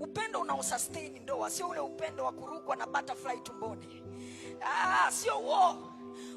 Upendo unaosustain ndoa sio ule upendo wa kurukwa na butterfly tumboni. Ah, sio wo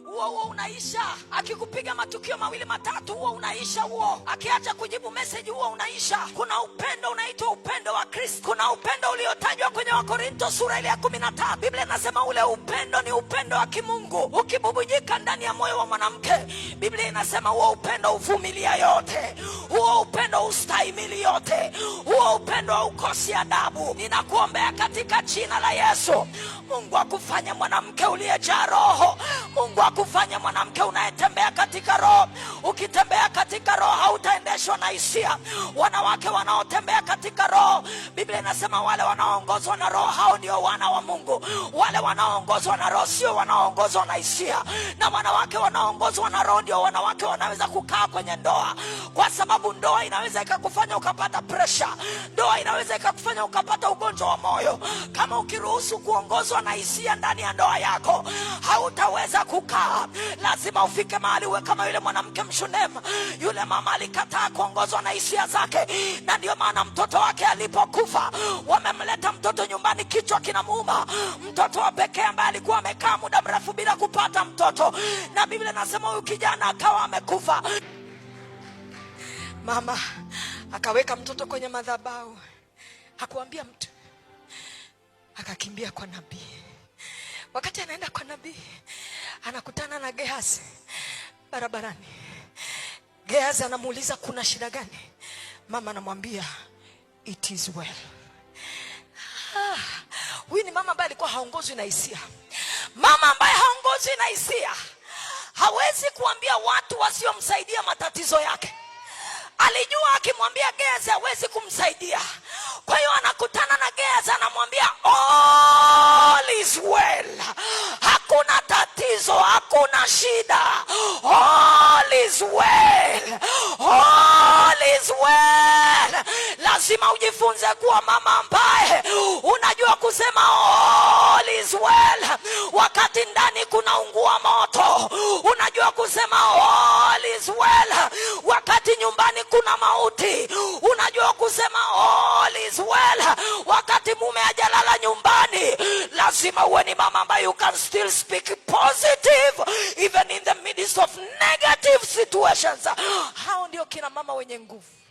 huo huo unaisha. Akikupiga matukio mawili matatu, huo unaisha huo. Akiacha kujibu meseji, huo unaisha. Kuna upendo unaitwa upendo wa Kristo. Kuna upendo uliotajwa kwenye Wakorinto sura ile ya kumi na tatu. Biblia inasema ule upendo ni upendo wa kimungu ukibubujika ndani ya moyo wa mwanamke. Biblia inasema huo upendo uvumilia yote, huo upendo ustahimili yote, huo upendo haukosi adabu. Ninakuombea katika jina la Yesu, Mungu akufanye mwanamke uliyejaa Roho kufanya mwanamke unayetembea katika roho. Ukitembea katika roho hauta wanaoendeshwa na hisia, wanawake wanaotembea katika roho. Biblia inasema wale wanaoongozwa na roho hao ndio wana wa Mungu. Wale wanaoongozwa na roho sio wanaoongozwa na hisia, na wanawake wanaoongozwa na roho ndio wanawake wanaweza kukaa kwenye ndoa, kwa sababu ndoa inaweza ikakufanya ukapata presha, ndoa inaweza ikakufanya ukapata ugonjwa wa moyo. Kama ukiruhusu kuongozwa na hisia ndani ya ndoa yako, hautaweza kukaa. Lazima ufike mahali uwe kama yule mwanamke mshunema, yule mama alikataa kuongozwa na hisia zake, na ndio maana mtoto wake alipokufa, wamemleta mtoto nyumbani, kichwa kinamuuma, mtoto wa pekee ambaye alikuwa amekaa muda mrefu bila kupata mtoto, na Biblia nasema huyu kijana akawa amekufa. Mama akaweka mtoto kwenye madhabahu, hakuambia mtu, akakimbia kwa nabii. Wakati anaenda kwa nabii, anakutana na Gehazi barabarani Geazi anamuuliza kuna shida gani? Mama anamwambia it is well. Ah, huyu ah, ni mama ambaye alikuwa haongozwi na hisia. Mama ambaye haongozwi na hisia hawezi kuambia watu wasiomsaidia matatizo yake. Alijua akimwambia geazi hawezi kumsaidia, kwa hiyo anakutana na Geazi anamwambia all is well, hakuna tatizo, hakuna shida, all is well. lazima ujifunze kuwa mama ambaye unajua kusema all is well wakati ndani kuna ungua moto. Unajua kusema all is well wakati nyumbani kuna mauti. Unajua kusema all is well wakati mume ajalala nyumbani. Lazima uwe ni mama ambaye you can still speak positive even in the midst of negative situations. Hao ndio kina mama wenye nguvu.